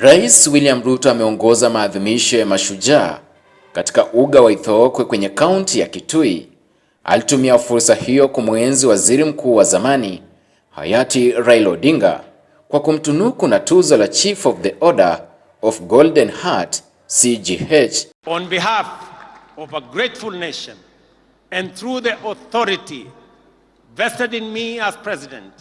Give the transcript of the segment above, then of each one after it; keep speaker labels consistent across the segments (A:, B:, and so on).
A: Rais William Ruto ameongoza maadhimisho ya mashujaa katika uga wa Ithookwe kwenye kaunti ya Kitui. Alitumia fursa hiyo kumwenzi waziri mkuu wa zamani hayati Raila Odinga kwa kumtunuku na tuzo la Chief of the Order of Golden Heart CGH.
B: On behalf of a grateful nation and through the authority vested in me as president,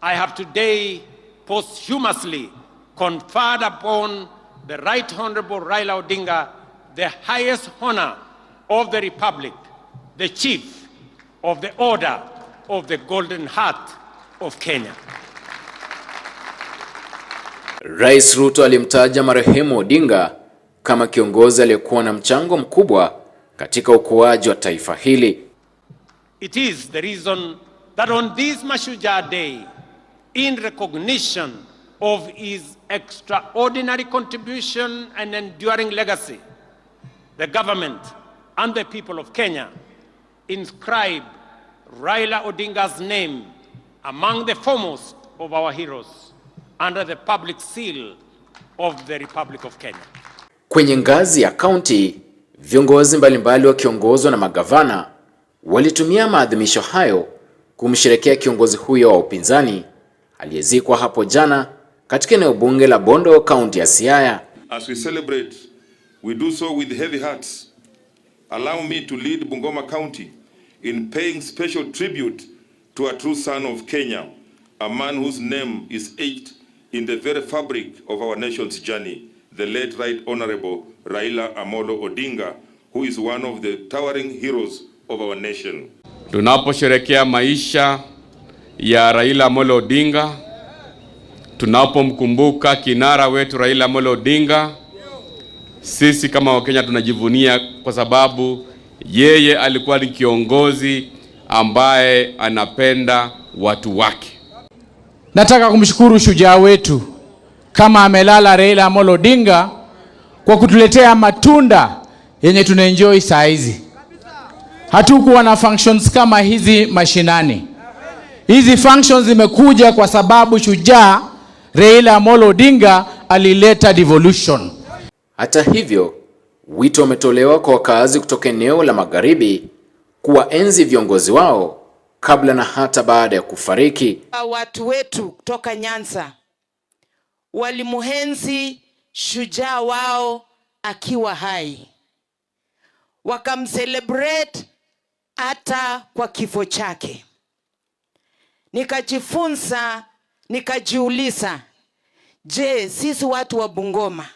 B: I have today posthumously conferred upon the Right Honorable Raila Odinga the highest honor of the Republic, the Chief of the Order of the Golden Heart of Kenya.
A: Rais Ruto alimtaja marehemu Odinga kama kiongozi aliyekuwa na mchango mkubwa katika ukuaji wa taifa hili.
B: It is the reason that on this Mashujaa Day in recognition of his extraordinary contribution and enduring legacy, the government and the people of Kenya inscribe Raila Odinga's name among the foremost of our heroes under the public seal of the Republic of Kenya.
A: Kwenye ngazi ya kaunti, viongozi mbalimbali wakiongozwa na magavana walitumia maadhimisho hayo kumsherekea kiongozi huyo wa upinzani aliyezikwa hapo jana katika eneo bunge la Bondo, kaunti ya Siaya.
C: As we celebrate, we do so with heavy hearts. Allow me to lead Bungoma County in paying special tribute to a true son of Kenya, a man whose name is etched in the very fabric of our nation's journey, the late Right Honorable Raila Amolo Odinga, who is one of the towering heroes of our nation.
D: Tunaposherekea maisha ya Raila Amolo Odinga tunapomkumbuka kinara wetu Raila Amolo Odinga, sisi kama Wakenya tunajivunia kwa sababu yeye alikuwa ni kiongozi ambaye anapenda watu wake.
E: Nataka kumshukuru shujaa wetu kama amelala Raila Amolo Odinga kwa kutuletea matunda yenye tunaenjoy saa hizi. Hatukuwa na functions kama hizi mashinani. Hizi functions zimekuja kwa sababu shujaa Raila Amolo Odinga alileta devolution.
A: Hata hivyo, wito umetolewa kwa wakaazi kutoka eneo la magharibi kuwaenzi viongozi wao kabla na hata baada ya kufariki.
F: Watu wetu kutoka Nyanza walimuhenzi shujaa wao akiwa hai, wakamcelebrate hata kwa kifo chake. Nikajifunza, nikajiuliza Je, sisi watu wa Bungoma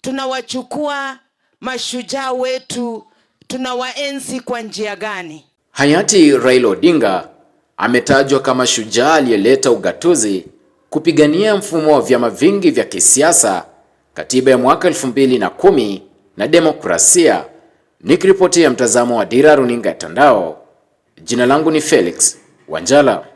F: tunawachukua mashujaa wetu tunawaenzi kwa njia gani?
A: Hayati Raila Odinga ametajwa kama shujaa aliyeleta ugatuzi, kupigania mfumo wa vyama vingi vya kisiasa, katiba ya mwaka 2010 na demokrasia. Nikiripoti ya mtazamo wa Dira Runinga ya Tandao, jina langu ni Felix Wanjala.